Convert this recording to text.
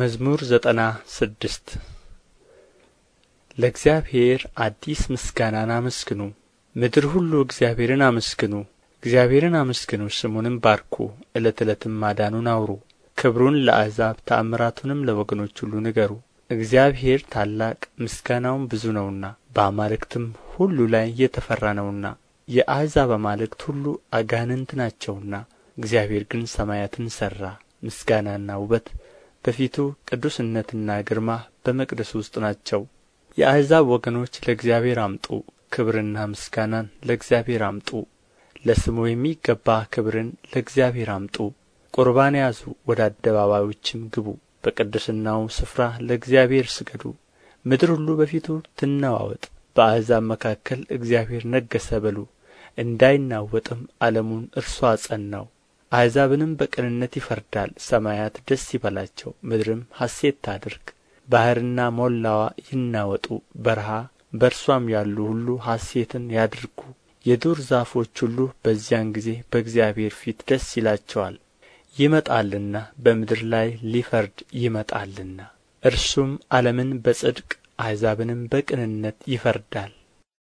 መዝሙር ዘጠና ስድስት ለእግዚአብሔር አዲስ ምስጋናን አመስግኑ፣ ምድር ሁሉ እግዚአብሔርን አመስግኑ። እግዚአብሔርን አመስግኑ፣ ስሙንም ባርኩ፣ ዕለት ዕለትም ማዳኑን አውሩ። ክብሩን ለአሕዛብ ተአምራቱንም ለወገኖች ሁሉ ንገሩ። እግዚአብሔር ታላቅ ምስጋናውም ብዙ ነውና በአማልክትም ሁሉ ላይ የተፈራ ነውና። የአሕዛብ አማልክት ሁሉ አጋንንት ናቸውና፣ እግዚአብሔር ግን ሰማያትን ሠራ። ምስጋናና ውበት በፊቱ ቅዱስነትና ግርማ በመቅደሱ ውስጥ ናቸው የአሕዛብ ወገኖች ለእግዚአብሔር አምጡ ክብርና ምስጋናን ለእግዚአብሔር አምጡ ለስሙ የሚገባ ክብርን ለእግዚአብሔር አምጡ ቁርባን ያዙ ወደ አደባባዮችም ግቡ በቅድስናው ስፍራ ለእግዚአብሔር ስገዱ ምድር ሁሉ በፊቱ ትነዋወጥ በአሕዛብ መካከል እግዚአብሔር ነገሰ በሉ እንዳይናወጥም ዓለሙን እርሱ አጸናው አሕዛብንም በቅንነት ይፈርዳል ሰማያት ደስ ይበላቸው ምድርም ሐሴት ታድርግ ባሕርና ሞላዋ ይናወጡ በረሃ በእርሷም ያሉ ሁሉ ሐሴትን ያድርጉ የዱር ዛፎች ሁሉ በዚያን ጊዜ በእግዚአብሔር ፊት ደስ ይላቸዋል ይመጣልና በምድር ላይ ሊፈርድ ይመጣልና እርሱም ዓለምን በጽድቅ አሕዛብንም በቅንነት ይፈርዳል